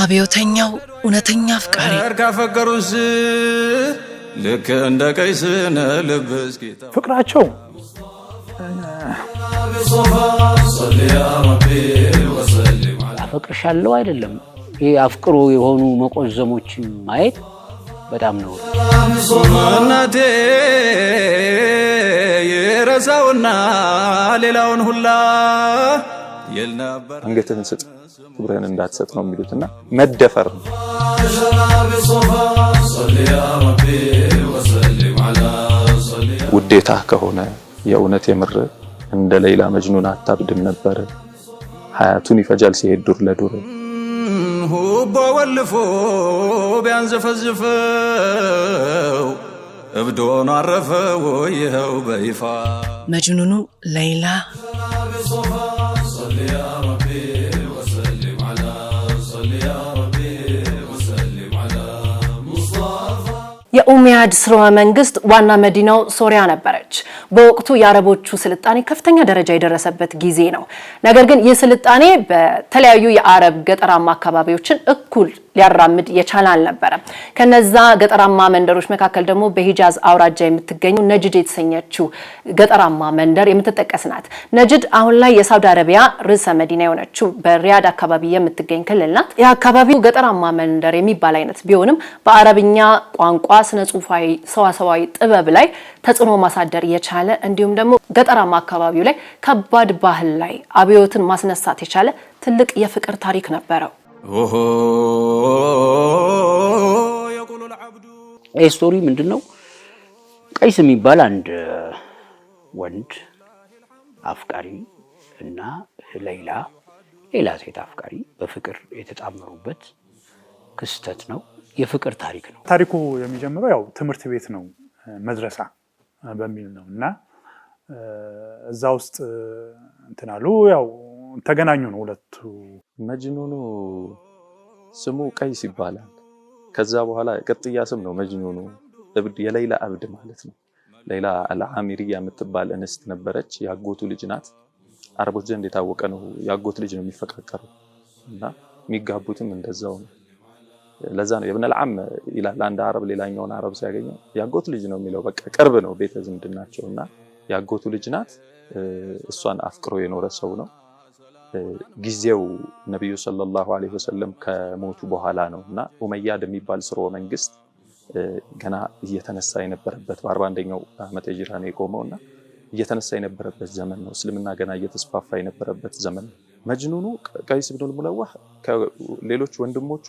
አብዮተኛው እውነተኛ አፍቃሪ ካፈቀሩስ ልክ እንደ ቀይስ ልብስ ፍቅራቸው አፈቅርሻለሁ አይደለም። ይህ አፍቅሮ የሆኑ መቆዘሞችን ማየት በጣም ነው እናቴ የረሳውና ሌላውን ሁላ የል ነበር አንገትህን ስጥ ክብርህን እንዳትሰጥ ነው የሚሉት እና መደፈር ነው። ውዴታ ከሆነ የእውነት የምር እንደ ሌላ መጅኑን አታብድም ነበር። ሀያቱን ይፈጃል ሲሄድ ዱር ለዱር ሁቦ ወልፎ ቢያንዘፈዝፈው እብዶን አረፈ ወይኸው በይፋ መጅኑኑ ሌይላ የኡሚያድ ስርወ መንግስት ዋና መዲናው ሶሪያ ነበረች። በወቅቱ የአረቦቹ ስልጣኔ ከፍተኛ ደረጃ የደረሰበት ጊዜ ነው። ነገር ግን ይህ ስልጣኔ በተለያዩ የአረብ ገጠራማ አካባቢዎችን እኩል ሊያራምድ የቻለ አልነበረም። ከነዛ ገጠራማ መንደሮች መካከል ደግሞ በሂጃዝ አውራጃ የምትገኘው ነጅድ የተሰኘችው ገጠራማ መንደር የምትጠቀስ ናት። ነጅድ አሁን ላይ የሳውዲ አረቢያ ርዕሰ መዲና የሆነችው በሪያድ አካባቢ የምትገኝ ክልል ናት። የአካባቢው ገጠራማ መንደር የሚባል አይነት ቢሆንም በአረብኛ ቋንቋ ስነ ጽሁፋዊ፣ ሰዋሰዋዊ ጥበብ ላይ ተጽዕኖ ማሳደር የቻለ እንዲሁም ደግሞ ገጠራማ አካባቢው ላይ ከባድ ባህል ላይ አብዮትን ማስነሳት የቻለ ትልቅ የፍቅር ታሪክ ነበረው። ይህ ስቶሪ ምንድን ነው? ቀይስ የሚባል አንድ ወንድ አፍቃሪ እና ሌላ ሌላ ሴት አፍቃሪ በፍቅር የተጣመሩበት ክስተት ነው። የፍቅር ታሪክ ነው። ታሪኩ የሚጀምረው ያው ትምህርት ቤት ነው፣ መድረሳ በሚል ነው እና እዛ ውስጥ እንትን አሉ ያው ተገናኙ ነው ሁለቱ መጅኑኑ ስሙ ቀይስ ይባላል። ከዛ በኋላ ቅጥያ ስም ነው መጅኑኑ እብድ፣ የሌላ እብድ ማለት ነው። ሌላ አልዓሚሪያ የምትባል እንስት ነበረች፣ የአጎቱ ልጅ ናት። አረቦች ዘንድ የታወቀ ነው፣ የአጎት ልጅ ነው የሚፈቃቀሩ እና የሚጋቡትም እንደዛው ነው። ለዛ ነው የብን ልዓም ይላል። አንድ አረብ ሌላኛውን አረብ ሲያገኘው የአጎቱ ልጅ ነው የሚለው፣ በቃ ቅርብ ነው ቤተ ዝምድናቸው እና ያጎቱ ልጅ ናት። እሷን አፍቅሮ የኖረ ሰው ነው። ጊዜው ነቢዩ ሰለላሁ ዐለይሂ ወሰለም ከሞቱ በኋላ ነው እና ኡመያድ የሚባል ስርወ መንግስት ገና እየተነሳ የነበረበት በአርባ አንደኛው ዓመተ ሂጅራ ነው የቆመው እና እየተነሳ የነበረበት ዘመን ነው። እስልምና ገና እየተስፋፋ የነበረበት ዘመን ነው። መጅኑኑ ቀይስ ብኑል ሙለዋህ ከሌሎች ወንድሞቹ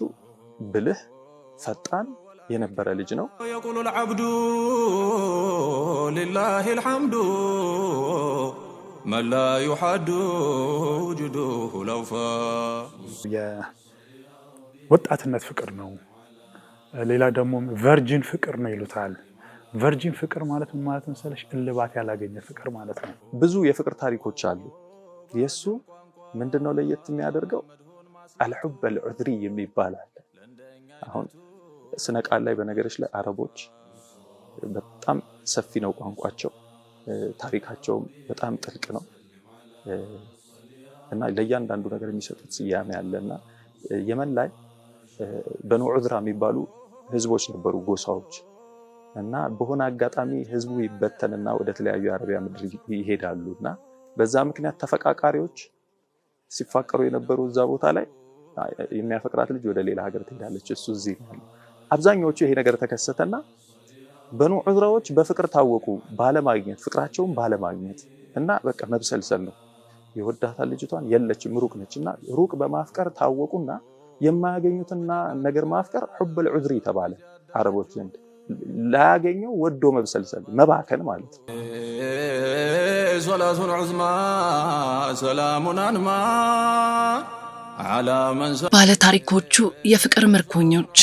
ብልህ፣ ፈጣን የነበረ ልጅ ነው። የቁሉ ልዓብዱ ሊላሂ ልሐምዱ መላ ዩሓዱ ጅዱሁ ለውፋ የወጣትነት ፍቅር ነው። ሌላ ደግሞ ቨርጂን ፍቅር ነው ይሉታል። ቨርጂን ፍቅር ማለት ምን ማለት መሰለሽ? እልባት ያላገኘ ፍቅር ማለት ነው። ብዙ የፍቅር ታሪኮች አሉ። የእሱ ምንድነው ለየት የሚያደርገው? አልሑብ አልዑድሪ የሚባል አለ። አሁን ስነ ቃል ላይ በነገሮች ላይ አረቦች በጣም ሰፊ ነው ቋንቋቸው ታሪካቸውም በጣም ጥልቅ ነው እና ለእያንዳንዱ ነገር የሚሰጡት ስያሜ አለ እና የመን ላይ በኑ ዑድራ የሚባሉ ህዝቦች ነበሩ፣ ጎሳዎች እና በሆነ አጋጣሚ ህዝቡ ይበተንና ወደ ተለያዩ የአረቢያ ምድር ይሄዳሉ እና በዛ ምክንያት ተፈቃቃሪዎች ሲፋቀሩ የነበሩ እዛ ቦታ ላይ የሚያፈቅራት ልጅ ወደ ሌላ ሀገር ትሄዳለች፣ እሱ እዚህ ነው። አብዛኛዎቹ ይሄ ነገር ተከሰተና በኑ ዑዝራዎች በፍቅር ታወቁ፣ ባለማግኘት ፍቅራቸውን ባለማግኘት እና በቃ መብሰልሰል ነው። የወዳታ ልጅቷን የለችም ሩቅ ነች እና ሩቅ በማፍቀር ታወቁና የማያገኙትና ነገር ማፍቀር ሑበል ዑዝሪ ተባለ አረቦች ዘንድ ላያገኘው ወዶ መብሰልሰል መባከን ማለት ነው። ሶላቱን ዑዝማ ሰላሙን አንማ ባለታሪኮቹ የፍቅር ምርኮኞች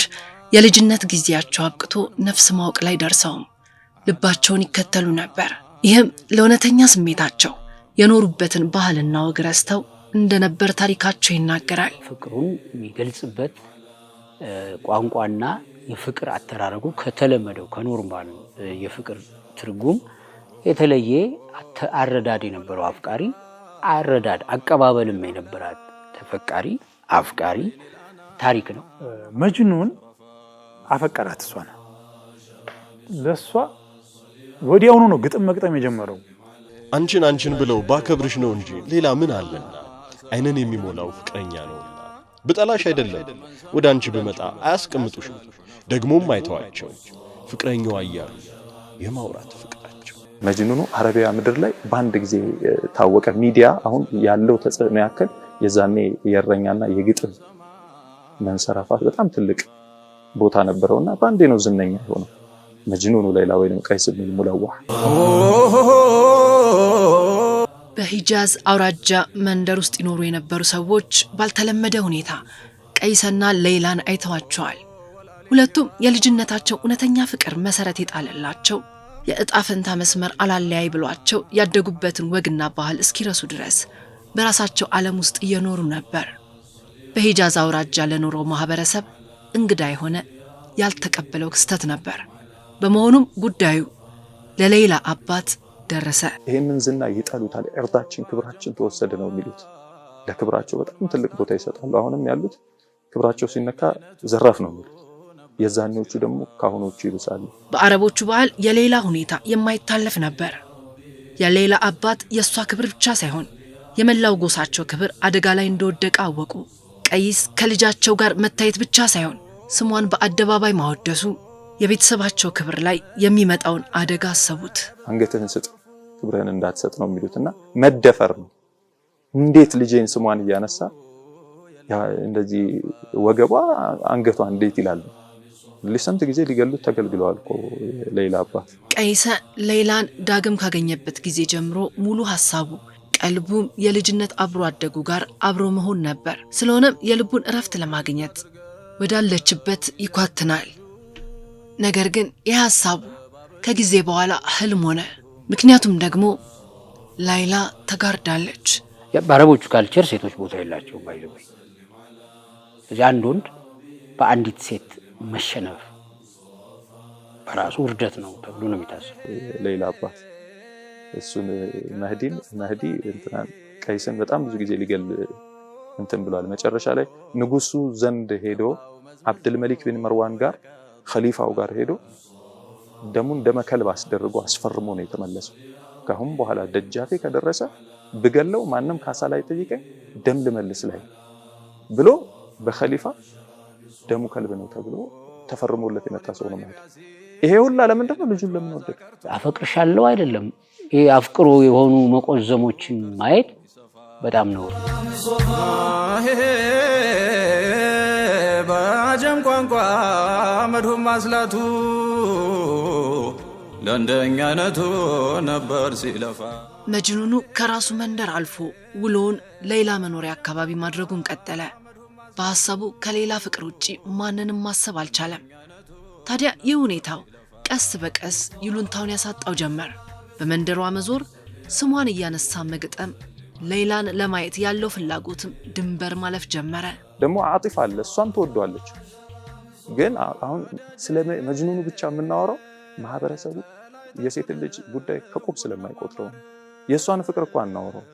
የልጅነት ጊዜያቸው አብቅቶ ነፍስ ማወቅ ላይ ደርሰውም ልባቸውን ይከተሉ ነበር። ይህም ለእውነተኛ ስሜታቸው የኖሩበትን ባህልና ወግ ረስተው እንደነበር ታሪካቸው ይናገራል። ፍቅሩን የሚገልጽበት ቋንቋና የፍቅር አተራረጉ ከተለመደው ከኖርማል የፍቅር ትርጉም የተለየ አረዳድ የነበረው አፍቃሪ አረዳድ አቀባበልም የነበራት ተፈቃሪ አፍቃሪ ታሪክ ነው መጅኑን አፈቀራት። እሷን ለእሷ ወዲያውኑ ነው ግጥም መግጠም የጀመረው። አንቺን አንቺን ብለው ባከብርሽ ነው እንጂ ሌላ ምን አለን? አይንን የሚሞላው ፍቅረኛ ነው። ብጠላሽ አይደለም ወደ አንቺ ብመጣ አያስቀምጡሽ፣ ደግሞም አይተዋቸው ፍቅረኛዋ እያሉ የማውራት ፍቅራቸው መጅኑኑ አረቢያ ምድር ላይ በአንድ ጊዜ ታወቀ። ሚዲያ አሁን ያለው ተጽዕኖ ያክል የዛኔ የእረኛና የግጥም መንሰራፋት በጣም ትልቅ ቦታ ነበረውና በአንዴ ነው ዝነኛ የሆነው። መጅኑኑ ሌላ ወይም ቀይስ ብን ሙለዋ በሂጃዝ አውራጃ መንደር ውስጥ ይኖሩ የነበሩ ሰዎች ባልተለመደ ሁኔታ ቀይሰና ሌላን አይተዋቸዋል። ሁለቱም የልጅነታቸው እውነተኛ ፍቅር መሰረት የጣለላቸው የእጣ ፈንታ መስመር አላለያይ ብሏቸው ያደጉበትን ወግና ባህል እስኪረሱ ድረስ በራሳቸው ዓለም ውስጥ እየኖሩ ነበር። በሂጃዝ አውራጃ ለኖረው ማህበረሰብ እንግዳ የሆነ ያልተቀበለው ክስተት ነበር። በመሆኑም ጉዳዩ ለሌላ አባት ደረሰ። ይህንን ዝና ይጠሉታል። እርዳችን፣ ክብራችን ተወሰደ ነው የሚሉት። ለክብራቸው በጣም ትልቅ ቦታ ይሰጣሉ። አሁንም ያሉት ክብራቸው ሲነካ ዘራፍ ነው የሚሉት። የዛኔዎቹ ደግሞ ከአሁኖቹ ይብሳሉ። በአረቦቹ ባህል የሌላ ሁኔታ የማይታለፍ ነበር። የሌላ አባት የእሷ ክብር ብቻ ሳይሆን የመላው ጎሳቸው ክብር አደጋ ላይ እንደወደቀ አወቁ። ቀይስ ከልጃቸው ጋር መታየት ብቻ ሳይሆን ስሟን በአደባባይ ማወደሱ የቤተሰባቸው ክብር ላይ የሚመጣውን አደጋ አሰቡት። አንገትህን ስጥ ክብርህን እንዳትሰጥ ነው የሚሉት እና መደፈር ነው። እንዴት ልጄን ስሟን እያነሳ እንደዚህ ወገቧ አንገቷ እንዴት ይላሉ። ለስንት ጊዜ ሊገሉት ተገልግለዋል እኮ ሌላ አባት። ቀይሰ ሌላን ዳግም ካገኘበት ጊዜ ጀምሮ ሙሉ ሀሳቡ ቀልቡም የልጅነት አብሮ አደጉ ጋር አብሮ መሆን ነበር። ስለሆነም የልቡን እረፍት ለማግኘት ወዳለችበት ይኳትናል። ነገር ግን የሐሳቡ ከጊዜ በኋላ ህልም ሆነ። ምክንያቱም ደግሞ ላይላ ተጋርዳለች። በአረቦቹ ካልቸር ሴቶች ቦታ የላቸው ባይ እዚ አንድ ወንድ በአንዲት ሴት መሸነፍ በራሱ ውርደት ነው ተብሎ ነው የሚታሰብ። ሌላ አባት እሱን መህዲን መህዲ ቀይስን በጣም ብዙ ጊዜ ሊገል እንትን ብሏል። መጨረሻ ላይ ንጉሱ ዘንድ ሄዶ አብድልመሊክ ቢን መርዋን ጋር ከሊፋው ጋር ሄዶ ደሙን ደመከልብ አስደርጎ አስፈርሞ ነው የተመለሰው። ከአሁን በኋላ ደጃፌ ከደረሰ ብገለው ማንም ካሳ ላይ ጠይቀኝ ደም ልመልስ ላይ ብሎ በከሊፋ ደሙ ከልብ ነው ተብሎ ተፈርሞለት የመጣ ሰው ነው ማለት። ይሄ ሁላ ለምንድነው ልጁን ለምን ወደድ አፈቅርሻለሁ አይደለም ይህ አፍቅሮ የሆኑ መቆዘሞችን ማየት በጣም ነው። በአጀም ቋንቋ መድሁም ማስላቱ ለእንደኛነቱ ነበር ሲለፋ። መጅኑኑ ከራሱ መንደር አልፎ ውሎውን ሌላ መኖሪያ አካባቢ ማድረጉን ቀጠለ። በሐሳቡ ከሌላ ፍቅር ውጪ ማንንም ማሰብ አልቻለም። ታዲያ ይህ ሁኔታው ቀስ በቀስ ይሉንታውን ያሳጣው ጀመር። በመንደሯ መዞር፣ ስሟን እያነሳ መግጠም፣ ሌይላን ለማየት ያለው ፍላጎትም ድንበር ማለፍ ጀመረ። ደግሞ አጢፍ አለ፣ እሷም ትወደዋለች። ግን አሁን ስለ መጅኑኑ ብቻ የምናወራው ማህበረሰቡ የሴት ልጅ ጉዳይ ከቁብ ስለማይቆጥረው የእሷን ፍቅር እኮ አናወራው።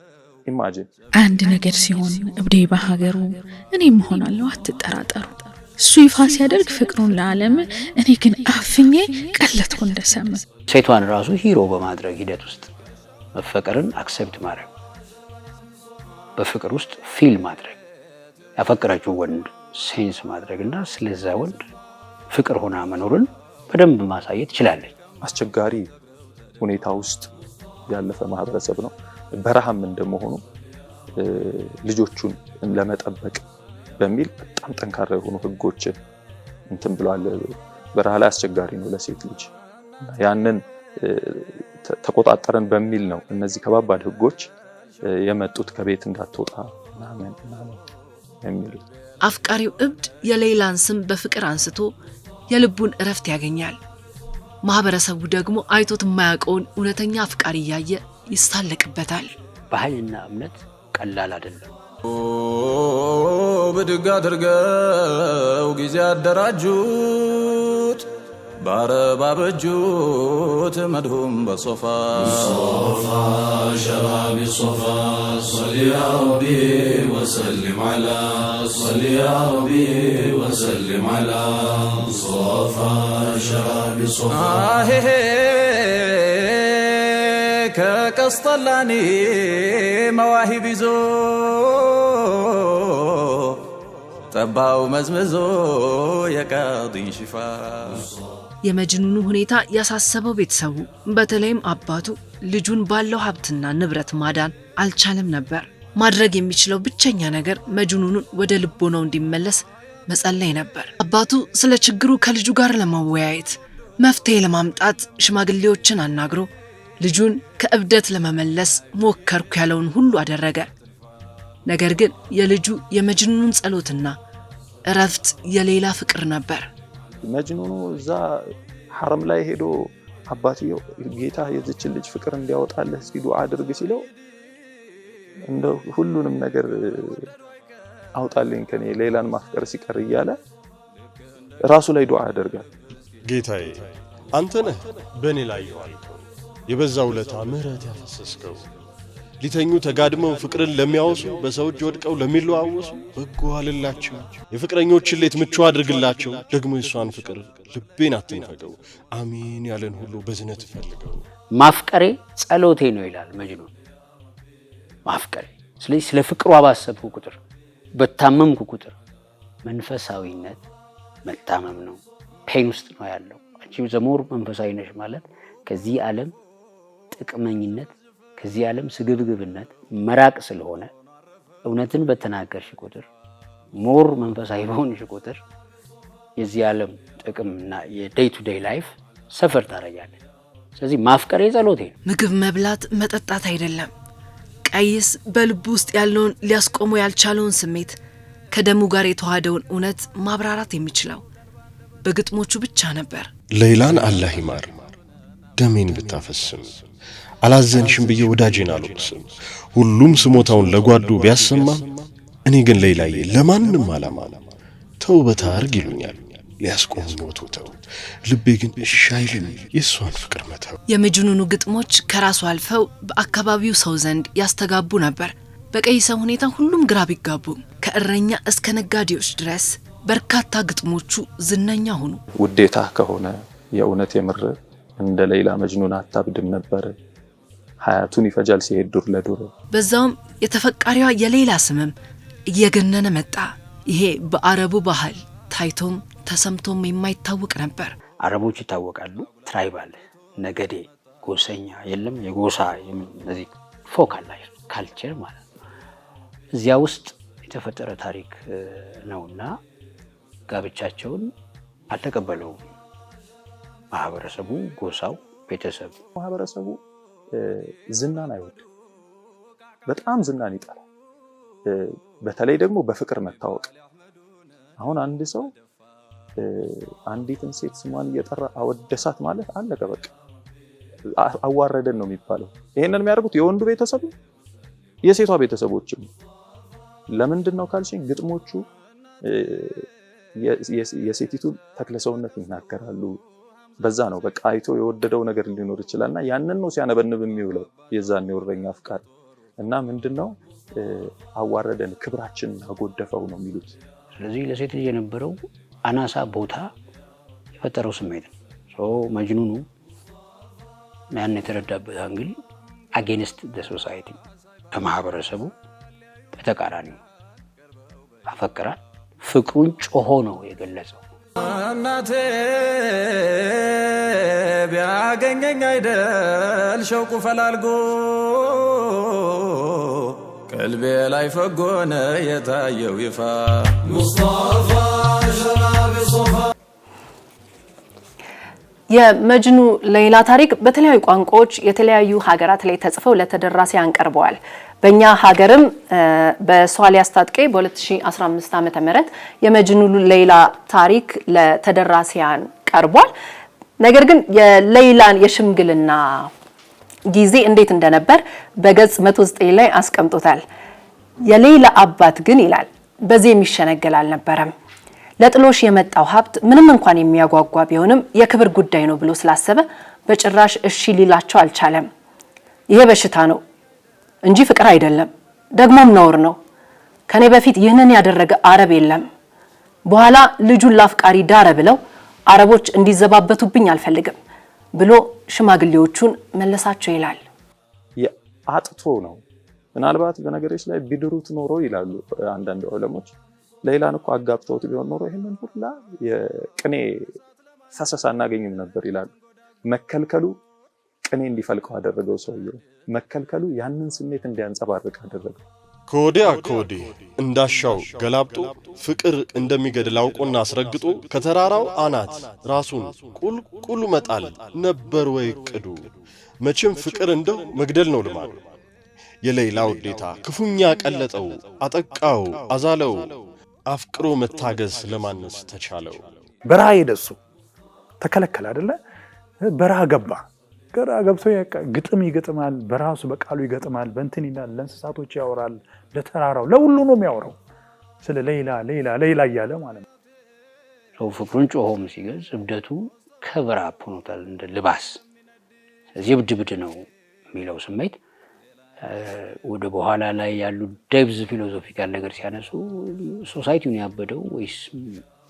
ኢማጂን አንድ ነገር ሲሆን እብዴ በሀገሩ እኔም እሆናለሁ፣ አትጠራጠሩ። እሱ ይፋ ሲያደርግ ፍቅሩን ለዓለም፣ እኔ ግን አፍኜ ቀለጥኩ እንደሰምን። ሴቷን ራሱ ሂሮ በማድረግ ሂደት ውስጥ መፈቀርን አክሰፕት ማድረግ፣ በፍቅር ውስጥ ፊል ማድረግ፣ ያፈቀረችው ወንድ ሴንስ ማድረግ እና ስለዛ ወንድ ፍቅር ሆና መኖርን በደንብ ማሳየት ይችላለች። አስቸጋሪ ሁኔታ ውስጥ ያለፈ ማህበረሰብ ነው። በረሃም እንደመሆኑ ልጆቹን ለመጠበቅ በሚል በጣም ጠንካራ የሆኑ ህጎችን እንትን ብለዋል። በረሃ ላይ አስቸጋሪ ነው ለሴት ልጅ ያንን ተቆጣጠረን በሚል ነው እነዚህ ከባባድ ህጎች የመጡት ከቤት እንዳትወጣ ምናምን አፍቃሪው እብድ የሌላን ስም በፍቅር አንስቶ የልቡን እረፍት ያገኛል። ማህበረሰቡ ደግሞ አይቶት የማያውቀውን እውነተኛ አፍቃሪ እያየ ይሳለቅበታል። ባህልና እምነት ቀላል አይደለም። ብድግ አድርገው ጊዜ አደራጁት ባረባ መድሁም በሶፋ ሸባቢ ሶፋ ከቀስጠላኒ መዋሂብ ይዞ ጠባው መዝመዞ የቃጢን ሽፋ የመጅኑኑ ሁኔታ ያሳሰበው ቤተሰቡ በተለይም አባቱ ልጁን ባለው ሀብትና ንብረት ማዳን አልቻለም ነበር። ማድረግ የሚችለው ብቸኛ ነገር መጅኑኑን ወደ ልቦናው እንዲመለስ መጸለይ ነበር። አባቱ ስለ ችግሩ ከልጁ ጋር ለመወያየት መፍትሄ ለማምጣት ሽማግሌዎችን አናግሮ ልጁን ከእብደት ለመመለስ ሞከርኩ ያለውን ሁሉ አደረገ። ነገር ግን የልጁ የመጅኑኑን ጸሎትና እረፍት የሌላ ፍቅር ነበር። መጅኑኑ እዛ ሐረም ላይ ሄዶ አባትየው ጌታ የዚችን ልጅ ፍቅር እንዲያወጣለህ እስኪ ዱዓ አድርግ ሲለው እንደ ሁሉንም ነገር አውጣልኝ ከኔ ሌላን ማፍቀር ሲቀር እያለ ራሱ ላይ ዱዓ ያደርጋል። ጌታዬ አንተ ነህ በእኔ ላይ የዋልከው የበዛ ውለታ ምሕረት ያፈሰስከው ሊተኙ ተጋድመው ፍቅርን ለሚያወሱ በሰው እጅ ወድቀው ለሚለዋወሱ በጎ አልላቸው። የፍቅረኞች ሌት ምቹ አድርግላቸው። ደግሞ የእሷን ፍቅር ልቤን አትንፈቀው። አሚን ያለን ሁሉ በዝነት ፈልገው። ማፍቀሬ ጸሎቴ ነው ይላል መጅኑን። ማፍቀሬ ስለዚህ ስለ ፍቅሯ ባሰብኩ ቁጥር በታመምኩ ቁጥር መንፈሳዊነት መታመም ነው። ፔን ውስጥ ነው ያለው። አንቺ ዘሞር መንፈሳዊነሽ ማለት ከዚህ ዓለም ጥቅመኝነት ከዚህ ዓለም ስግብግብነት መራቅ ስለሆነ እውነትን በተናገርሽ ቁጥር ሞር መንፈሳዊ በሆንሽ ቁጥር የዚህ ዓለም ጥቅምና የደይ ቱ ደይ ላይፍ ሰፈር ታደርጊያለሽ። ስለዚህ ማፍቀር የጸሎቴ ነው። ምግብ መብላት መጠጣት አይደለም። ቀይስ በልቡ ውስጥ ያለውን ሊያስቆሙ ያልቻለውን ስሜት ከደሙ ጋር የተዋሃደውን እውነት ማብራራት የሚችለው በግጥሞቹ ብቻ ነበር። ሌላን አላህ ይማር ደሜን ብታፈስም አላዘንሽም ብዬ ወዳጄን አሉት። ሁሉም ስሞታውን ለጓዱ ቢያሰማ እኔ ግን ሌላዬ ለማንም አላማ ተው በታርግ ይሉኛል ሊያስቆም ሞቶ ተው ልቤ ግን እሺ አይልም የእሷን ፍቅር መተው። የመጅኑኑ ግጥሞች ከራሱ አልፈው በአካባቢው ሰው ዘንድ ያስተጋቡ ነበር። በቀይ ሰው ሁኔታ ሁሉም ግራ ቢጋቡ፣ ከእረኛ እስከ ነጋዴዎች ድረስ በርካታ ግጥሞቹ ዝነኛ ሆኑ። ውዴታ ከሆነ የእውነት የምር እንደ ሌላ መጅኑን አታብድም ነበር ሀያቱን ይፈጃል ሲሄድ ዱር ለዱር። በዛውም የተፈቃሪዋ የሌላ ስምም እየገነነ መጣ። ይሄ በአረቡ ባህል ታይቶም ተሰምቶም የማይታወቅ ነበር። አረቦች ይታወቃሉ። ትራይባል፣ ነገዴ፣ ጎሰኛ የለም የጎሳ እነዚህ ፎካላ ካልቸር ማለት ነው። እዚያ ውስጥ የተፈጠረ ታሪክ ነውና ጋብቻቸውን አልተቀበለውም ማህበረሰቡ፣ ጎሳው፣ ቤተሰብ ማህበረሰቡ ዝናን አይወድም። በጣም ዝናን ይጠላል። በተለይ ደግሞ በፍቅር መታወቅ። አሁን አንድ ሰው አንዲትን ሴት ስሟን እየጠራ አወደሳት ማለት አለቀ፣ በቃ አዋረደን ነው የሚባለው። ይሄንን የሚያደርጉት የወንዱ ቤተሰብ የሴቷ ቤተሰቦችም። ለምንድን ነው ካልሽኝ ግጥሞቹ የሴቲቱን ተክለሰውነት ይናገራሉ። በዛ ነው በቃ አይቶ የወደደው ነገር ሊኖር ይችላል እና ያንን ነው ሲያነበንብ የሚውለው የዛን የወረኛ አፍቃሪ እና ምንድን ነው አዋረደን፣ ክብራችን አጎደፈው ነው የሚሉት። ስለዚህ ለሴት ልጅ የነበረው አናሳ ቦታ የፈጠረው ስሜት ነው። መጅኑኑ ያን የተረዳበት አንግል አጌንስት ሶሳይቲ ከማህበረሰቡ በተቃራኒ አፈቅራል። ፍቅሩን ጮሆ ነው የገለጸው። እናቴ ቢያገኘኝ አይደል ሸውቁ ፈላልጎ ቀልቤ ላይ ፈጎነ የታየው ይፋ ሙስጣፋ የመጅኑ ሌይላ ታሪክ በተለያዩ ቋንቋዎች የተለያዩ ሀገራት ላይ ተጽፈው ለተደራሲያን ቀርበዋል። በእኛ ሀገርም በሷሊህ አስታጥቄ በ2015 ዓ ም የመጅኑ ሌላ ታሪክ ለተደራሲያን ቀርቧል። ነገር ግን የሌይላን የሽምግልና ጊዜ እንዴት እንደነበር በገጽ 109 ላይ አስቀምጦታል። የሌይላ አባት ግን ይላል በዚህ የሚሸነገል አልነበረም። ለጥሎሽ የመጣው ሀብት ምንም እንኳን የሚያጓጓ ቢሆንም የክብር ጉዳይ ነው ብሎ ስላሰበ በጭራሽ እሺ ሊላቸው አልቻለም። ይሄ በሽታ ነው እንጂ ፍቅር አይደለም። ደግሞም ነውር ነው። ከኔ በፊት ይህንን ያደረገ አረብ የለም። በኋላ ልጁን ለአፍቃሪ ዳረ ብለው አረቦች እንዲዘባበቱብኝ አልፈልግም ብሎ ሽማግሌዎቹን መለሳቸው ይላል። አጥቶ ነው ምናልባት በነገሮች ላይ ቢድሩት ኖሮ ይላሉ አንዳንድ ዑለሞች። ሌላን እኮ አጋብተውት ቢሆን ኖሮ ይህንን ሁላ የቅኔ ፈሰሳ እናገኝም ነበር ይላሉ። መከልከሉ ቅኔ እንዲፈልቀው አደረገው። ሰውየው መከልከሉ ያንን ስሜት እንዲያንጸባርቅ አደረገው። ከወዲያ ከወዲህ እንዳሻው ገላብጦ ፍቅር እንደሚገድል አውቆና አስረግጦ ከተራራው አናት ራሱን ቁልቁል መጣል ነበር ወይ ቅዱ? መቼም ፍቅር እንደው መግደል ነው ልማዱ። የሌላ ውዴታ ክፉኛ ቀለጠው፣ አጠቃው፣ አዛለው። አፍቅሮ መታገዝ ለማነስ ተቻለው። በረሃ ሄደ እሱ ተከለከለ አደለ? በረሃ ገባ። ጋር ገብቶ ግጥም ይገጥማል፣ በራሱ በቃሉ ይገጥማል፣ በእንትን ይላል፣ ለእንስሳቶች ያወራል፣ ለተራራው ለሁሉ ነው የሚያወራው። ስለ ሌላ ሌላ ሌላ እያለ ማለት ነው። ሰው ፍቅሩን ጮሆም ሲገልጽ እብደቱ ከብራ አፕ ሆኖታል እንደ ልባስ። ስለዚህ እብድብድ ነው የሚለው ስሜት ወደ በኋላ ላይ ያሉ ደብዝ ፊሎዞፊካል ነገር ሲያነሱ ሶሳይቲውን ያበደው ወይስ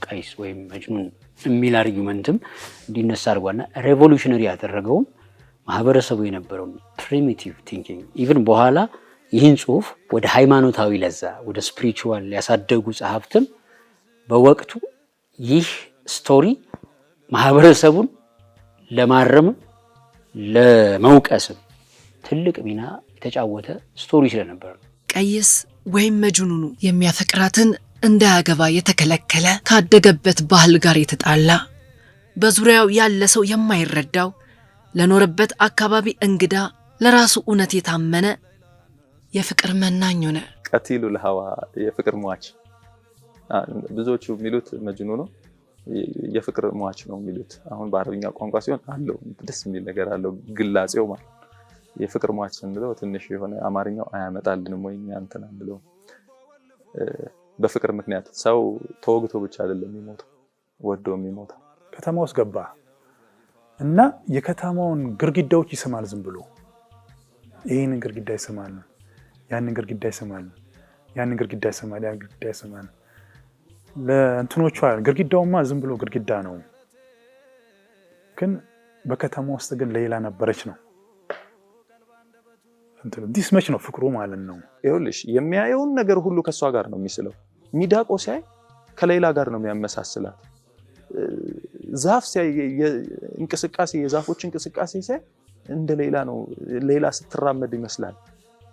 ቀይስ ወይም መጅኑን የሚል አርጊመንትም እንዲነሳ አድርጓና ሬቮሉሽነሪ ያደረገውም ማህበረሰቡ የነበረው ፕሪሚቲቭ ቲንኪንግ ኢቨን በኋላ ይህን ጽሁፍ ወደ ሃይማኖታዊ ለዛ ወደ ስፒሪቹዋል ያሳደጉ ጸሐፍትም በወቅቱ ይህ ስቶሪ ማህበረሰቡን ለማረም ለመውቀስም ትልቅ ሚና የተጫወተ ስቶሪ ስለነበር ነው። ቀይስ ወይም መጅኑኑ የሚያፈቅራትን እንዳያገባ የተከለከለ ካደገበት ባህል ጋር የተጣላ በዙሪያው ያለ ሰው የማይረዳው ለኖረበት አካባቢ እንግዳ፣ ለራሱ እውነት የታመነ የፍቅር መናኝ ሆነ። ቀቲሉ ለሀዋ የፍቅር ሟች ብዙዎቹ የሚሉት መጅኑ ነው፣ የፍቅር ሟች ነው የሚሉት። አሁን በአረብኛ ቋንቋ ሲሆን አለው ደስ የሚል ነገር አለው ግላጼው ማለት የፍቅር ሟች ስንለው ትንሽ የሆነ አማርኛው አያመጣልንም ወይ እንትን አንለው። በፍቅር ምክንያት ሰው ተወግቶ ብቻ አይደለም የሚሞተው፣ ወዶ የሚሞተው ከተማ ውስጥ ገባ እና የከተማውን ግርግዳዎች ይስማል። ዝም ብሎ ይህንን ግርግዳ ይስማል፣ ያንን ግርግዳ ይስማል፣ ያንን ግርግዳ ይስማል፣ ያንን ግርግዳ ይስማል። ለእንትኖቹ ግርግዳውማ ዝም ብሎ ግርግዳ ነው፣ ግን በከተማ ውስጥ ግን ሌላ ነበረች ነው ዲስ መች ነው ፍቅሩ ማለት ነው። ይኸውልሽ የሚያየውን ነገር ሁሉ ከእሷ ጋር ነው የሚስለው። ሚዳቆ ሲያይ ከሌላ ጋር ነው የሚያመሳስላት። ዛፍ ሲያይ እንቅስቃሴ የዛፎች እንቅስቃሴ ሲያይ እንደ ሌላ ነው፣ ሌላ ስትራመድ ይመስላል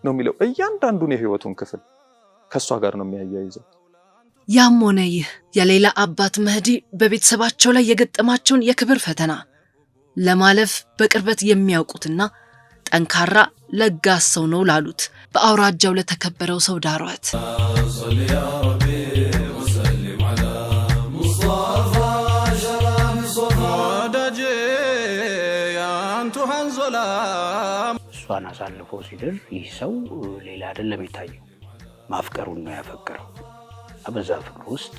ነው የሚለው። እያንዳንዱን የህይወቱን ክፍል ከእሷ ጋር ነው የሚያያይዘው። ያም ሆነ ይህ የሌላ አባት መህዲ በቤተሰባቸው ላይ የገጠማቸውን የክብር ፈተና ለማለፍ በቅርበት የሚያውቁትና ጠንካራ ለጋስ ሰው ነው ላሉት በአውራጃው ለተከበረው ሰው ዳሯት። አንሶላ እሷን አሳልፎ ሲድር ይህ ሰው ሌላ አይደለም የታየው ማፍቀሩን ነው ያፈቀረው። በዛ ፍቅር ውስጥ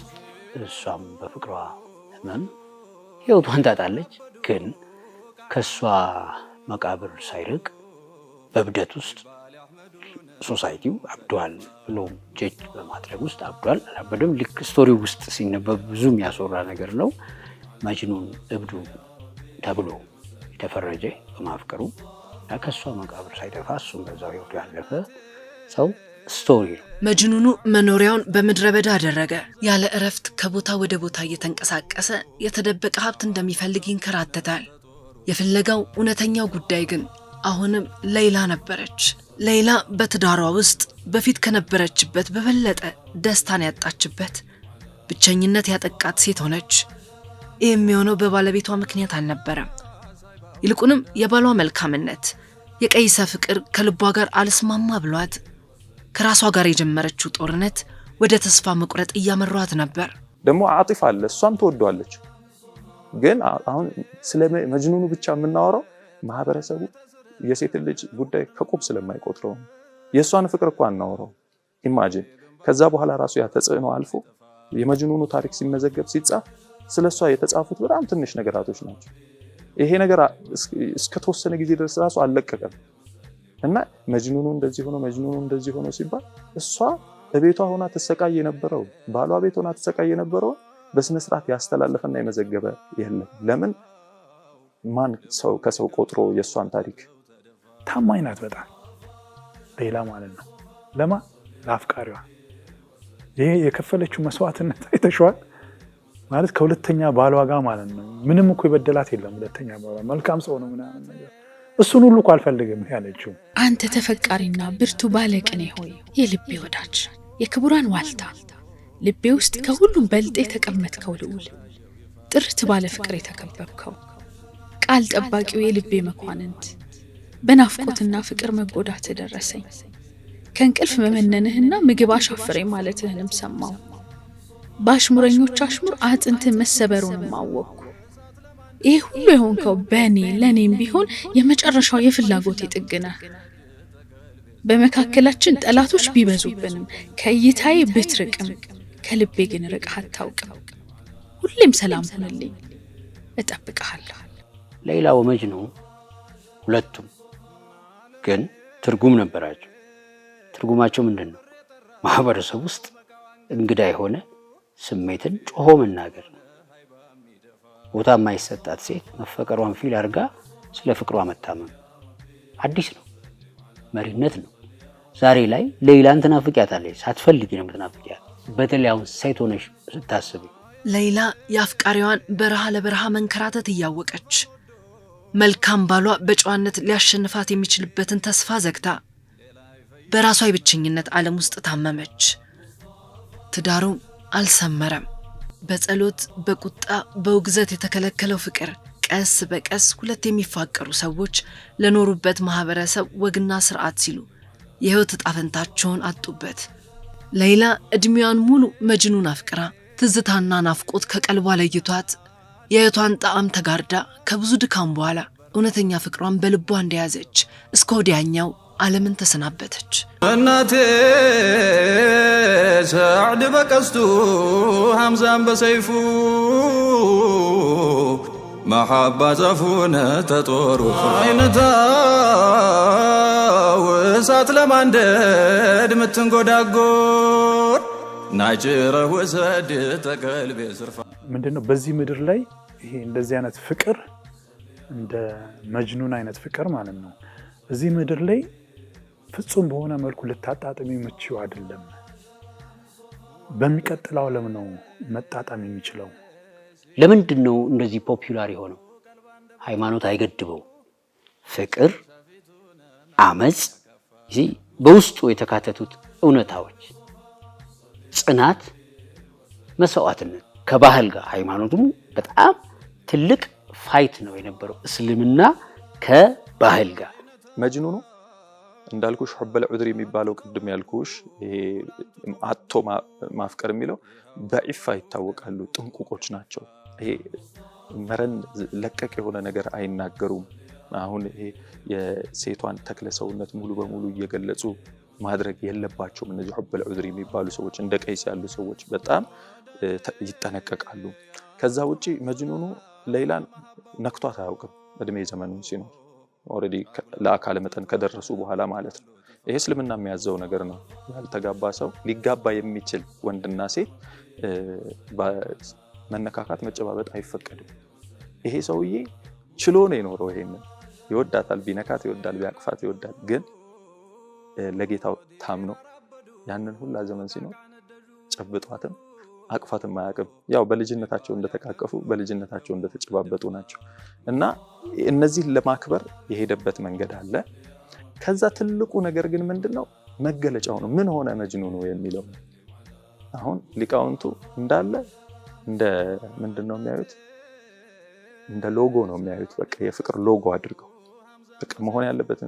እሷም በፍቅሯ ህመም ህይወቷን ታጣለች። ግን ከእሷ መቃብር ሳይርቅ በእብደት ውስጥ ሶሳይቲው አብዷል ብሎ ጀጅ በማድረግ ውስጥ አብዷል አላበደም። ልክ ስቶሪ ውስጥ ሲነበብ ብዙ የሚያስወራ ነገር ነው። መጅኑን እብዱ ተብሎ የተፈረጀ በማፍቀሩ እና ከእሷ መቃብር ሳይደፋ እሱም በዛው ህይወቱ ያለፈ ሰው ስቶሪ ነው። መጅኑኑ መኖሪያውን በምድረ በዳ አደረገ። ያለ እረፍት ከቦታ ወደ ቦታ እየተንቀሳቀሰ የተደበቀ ሀብት እንደሚፈልግ ይንከራተታል። የፍለጋው እውነተኛው ጉዳይ ግን አሁንም ሌይላ ነበረች። ሌይላ በትዳሯ ውስጥ በፊት ከነበረችበት በበለጠ ደስታን ያጣችበት፣ ብቸኝነት ያጠቃት ሴት ሆነች። ይህ የሚሆነው በባለቤቷ ምክንያት አልነበረም። ይልቁንም የባሏ መልካምነት የቀይሳ ፍቅር ከልቧ ጋር አልስማማ ብሏት ከራሷ ጋር የጀመረችው ጦርነት ወደ ተስፋ መቁረጥ እያመሯት ነበር። ደግሞ አጢፍ አለ፣ እሷም ትወደዋለች። ግን አሁን ስለ መጅኑኑ ብቻ የምናወራው ማህበረሰቡ የሴትን ልጅ ጉዳይ ከቁብ ስለማይቆጥረው የእሷን ፍቅር እኮ አናወራው። ኢማጂን ከዛ በኋላ ራሱ ያ ተጽዕኖ አልፎ የመጅኑኑ ታሪክ ሲመዘገብ ሲጻፍ ስለ እሷ የተጻፉት በጣም ትንሽ ነገራቶች ናቸው። ይሄ ነገር እስከተወሰነ ጊዜ ድረስ ራሱ አልለቀቀም እና መጅኑኑ እንደዚህ ሆኖ መጅኑኑ እንደዚህ ሆኖ ሲባል እሷ በቤቷ ሆና ተሰቃይ የነበረው ባሏ ቤት ሆና ተሰቃይ የነበረው በስነስርዓት ያስተላለፈና የመዘገበ የለም። ለምን ማን ሰው ከሰው ቆጥሮ የእሷን ታሪክ ታማኝ ናት በጣም ሌላ ማለት ነው ለማ ለአፍቃሪዋ ይሄ የከፈለችው መስዋዕትነት አይተሸዋል። ማለት ከሁለተኛ ባሏ ጋር ማለት ነው። ምንም እኮ የበደላት የለም። ሁለተኛ ባሏ መልካም ሰው ነው ምናምን ነገር እሱን ሁሉ እኮ አልፈልግም ያለችው። አንተ ተፈቃሪና ብርቱ ባለቅኔ ሆይ የልቤ ወዳጅ፣ የክቡራን ዋልታ፣ ልቤ ውስጥ ከሁሉም በልጤ የተቀመጥከው ልዑል፣ ጥርት ባለ ፍቅር የተከበብከው ቃል ጠባቂው የልቤ መኳንንት፣ በናፍቆትና ፍቅር መጎዳት ደረሰኝ። ከእንቅልፍ መመነንህና ምግብ አሻፍሬ ማለትህንም ሰማው። በአሽሙረኞች አሽሙር አጥንት መሰበሩን ማወቅኩ። ይህ ሁሉ የሆንከው በእኔ ለእኔም ቢሆን የመጨረሻው የፍላጎቴ ጥግ ነህ። በመካከላችን ጠላቶች ቢበዙብንም፣ ከእይታዬ ብትርቅም፣ ከልቤ ግን ርቀህ አታውቅም። ሁሌም ሰላም ሆንልኝ፣ እጠብቅሃለሁ። ወመጅ ነው። ሁለቱም ግን ትርጉም ነበራቸው። ትርጉማቸው ምንድን ነው? ማህበረሰብ ውስጥ እንግዳ የሆነ ስሜትን ጮሆ መናገር ነው። ቦታ የማይሰጣት ሴት መፈቀሯን ፊል አድርጋ ስለ ፍቅሯ መታመም አዲስ ነው፣ መሪነት ነው። ዛሬ ላይ ሌይላን ትናፍቂያታለች፣ ሳትፈልጊ ነው የምትናፍቂያት። በተለይ አሁን ሴት ሆነሽ ስታስብ ሌይላ የአፍቃሪዋን በረሃ ለበረሃ መንከራተት እያወቀች መልካም ባሏ በጨዋነት ሊያሸንፋት የሚችልበትን ተስፋ ዘግታ በራሷ የብቸኝነት ዓለም ውስጥ ታመመች። ትዳሩም አልሰመረም። በጸሎት በቁጣ በውግዘት የተከለከለው ፍቅር ቀስ በቀስ ሁለት የሚፋቀሩ ሰዎች ለኖሩበት ማህበረሰብ ወግና ስርዓት ሲሉ የህይወት እጣፈንታቸውን አጡበት። ሌይላ ዕድሜዋን ሙሉ መጅኑን አፍቅራ ትዝታና ናፍቆት ከቀልቧ ለይቷት የእህቷን ጣዕም ተጋርዳ ከብዙ ድካም በኋላ እውነተኛ ፍቅሯን በልቧ እንደያዘች እስከ ወዲያኛው ዓለምን ተሰናበተች። እናቴ ሰዕድ በቀስቱ ሐምዛን በሰይፉ መሓባ ጸፉነ ተጦሩ አይነታው እሳት ለማንደድ ምትንጎዳጎድ ናጭረ ውሰድ ተቀልቤ ስርፋ ምንድን ነው በዚህ ምድር ላይ ይሄ እንደዚህ አይነት ፍቅር እንደ መጅኑን አይነት ፍቅር ማለት ነው እዚህ ምድር ላይ ፍጹም በሆነ መልኩ ልታጣጥም የምችው አይደለም። በሚቀጥለው ዓለም ነው መጣጣም የሚችለው። ለምንድን ነው እንደዚህ ፖፒላር የሆነው? ሃይማኖት አይገድበው። ፍቅር፣ አመፅ፣ በውስጡ የተካተቱት እውነታዎች፣ ጽናት፣ መስዋዕትነት ከባህል ጋር ሃይማኖቱም በጣም ትልቅ ፋይት ነው የነበረው። እስልምና ከባህል ጋር መጅኑ ነው እንዳልኩሽ ሑበል ዑድሪ የሚባለው ቅድም ያልኩሽ አቶ ማፍቀር የሚለው በዒፋ ይታወቃሉ። ጥንቁቆች ናቸው። ይሄ መረን ለቀቅ የሆነ ነገር አይናገሩም። አሁን ይሄ የሴቷን ተክለ ሰውነት ሙሉ በሙሉ እየገለጹ ማድረግ የለባቸውም። እነዚህ ሑበል ዑድሪ የሚባሉ ሰዎች እንደ ቀይስ ያሉ ሰዎች በጣም ይጠነቀቃሉ። ከዛ ውጭ መጅኑኑ ሌላን ነክቷት አያውቅም እድሜ ዘመኑን ሲኖር ኦልሬዲ ለአካለ መጠን ከደረሱ በኋላ ማለት ነው። ይሄ እስልምና የሚያዘው ነገር ነው። ያልተጋባ ሰው ሊጋባ የሚችል ወንድና ሴት መነካካት፣ መጨባበጥ አይፈቀድም። ይሄ ሰውዬ ችሎ ነው የኖረው። ይሄንን ይወዳታል፣ ቢነካት ይወዳል፣ ቢያቅፋት ይወዳል። ግን ለጌታው ታምኖ ያንን ሁላ ዘመን ሲኖር ጨብጧትም አቅፋትም አያውቅም። ያው በልጅነታቸው እንደተቃቀፉ በልጅነታቸው እንደተጨባበጡ ናቸው እና እነዚህን ለማክበር የሄደበት መንገድ አለ። ከዛ ትልቁ ነገር ግን ምንድን ነው መገለጫው ነው ምን ሆነ መጅኑኑ የሚለው አሁን ሊቃውንቱ እንዳለ እንደ ምንድን ነው የሚያዩት እንደ ሎጎ ነው የሚያዩት። በቃ የፍቅር ሎጎ አድርገው በቃ መሆን ያለበት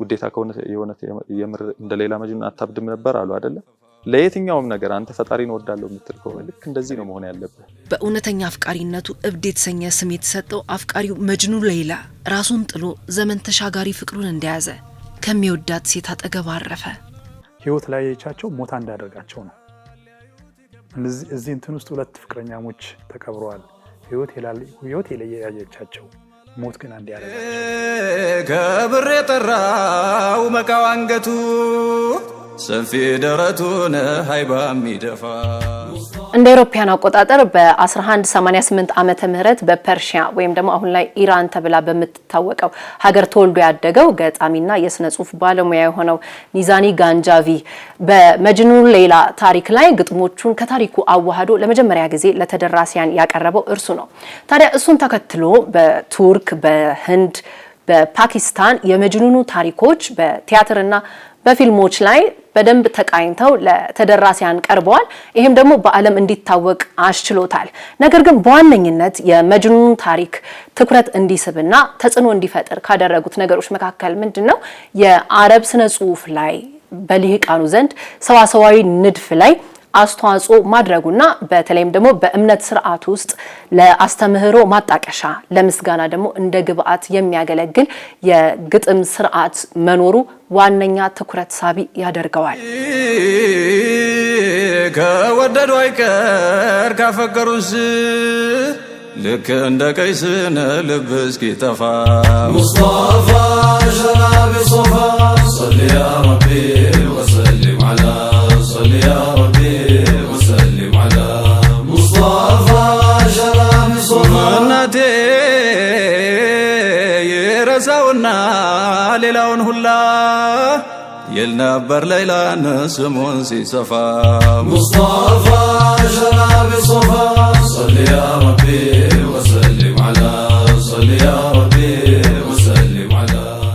ውዴታ ከሆነ የሆነ የምር እንደሌላ መጅኑን አታብድም ነበር አሉ አይደለም ለየትኛውም ነገር አንተ ፈጣሪን ወዳለሁ የምትል ከሆነ ልክ እንደዚህ ነው መሆን ያለብህ። በእውነተኛ አፍቃሪነቱ እብድ የተሰኘ ስም የተሰጠው አፍቃሪው መጅኑ ሌላ ራሱን ጥሎ ዘመን ተሻጋሪ ፍቅሩን እንደያዘ ከሚወዳት ሴት አጠገብ አረፈ። ህይወት ላይ የቻቸው ሞታ እንዳደርጋቸው ነው። እዚህ እንትን ውስጥ ሁለት ፍቅረኛሞች ተቀብረዋል። ህይወት ያየቻቸው ሞት ግን አንድ ያደረጋቸው ከብር የጠራው መቃው አንገቱ ሰፊ ደረቱን ሃይባ የሚደፋ እንደ አውሮፓውያን አቆጣጠር በ1188 ዓመተ ምህረት በፐርሺያ ወይም ደግሞ አሁን ላይ ኢራን ተብላ በምትታወቀው ሀገር ተወልዶ ያደገው ገጣሚና የስነ ጽሁፍ ባለሙያ የሆነው ኒዛኒ ጋንጃቪ በመጅኑ ሌላ ታሪክ ላይ ግጥሞቹን ከታሪኩ አዋህዶ ለመጀመሪያ ጊዜ ለተደራሲያን ያቀረበው እርሱ ነው። ታዲያ እሱን ተከትሎ በቱርክ፣ በህንድ፣ በፓኪስታን የመጅኑኑ ታሪኮች በቲያትርና በፊልሞች ላይ በደንብ ተቃኝተው ለተደራሲያን ቀርበዋል። ይህም ደግሞ በዓለም እንዲታወቅ አስችሎታል። ነገር ግን በዋነኝነት የመጅኑን ታሪክ ትኩረት እንዲስብና ተጽዕኖ እንዲፈጥር ካደረጉት ነገሮች መካከል ምንድን ነው የአረብ ስነ ጽሁፍ ላይ በሊህቃኑ ዘንድ ሰዋሰዋዊ ንድፍ ላይ አስተዋጽኦ ማድረጉና በተለይም ደግሞ በእምነት ስርዓት ውስጥ ለአስተምህሮ ማጣቀሻ ለምስጋና ደግሞ እንደ ግብአት የሚያገለግል የግጥም ስርዓት መኖሩ ዋነኛ ትኩረት ሳቢ ያደርገዋል። ከወደዱ አይቀር ካፈቀሩስ ልክ እንደ ቀይስነ ልብ እስኪጠፋ ሙስጣፋ ሸራቢ ሶፋ ያለውን ሁላ ይል ነበር ለይላን ስሙን ሲሰፋ ሙስጠፋ ሸናቢ ሶፋ صل يا ربي وسلم على صل يا ربي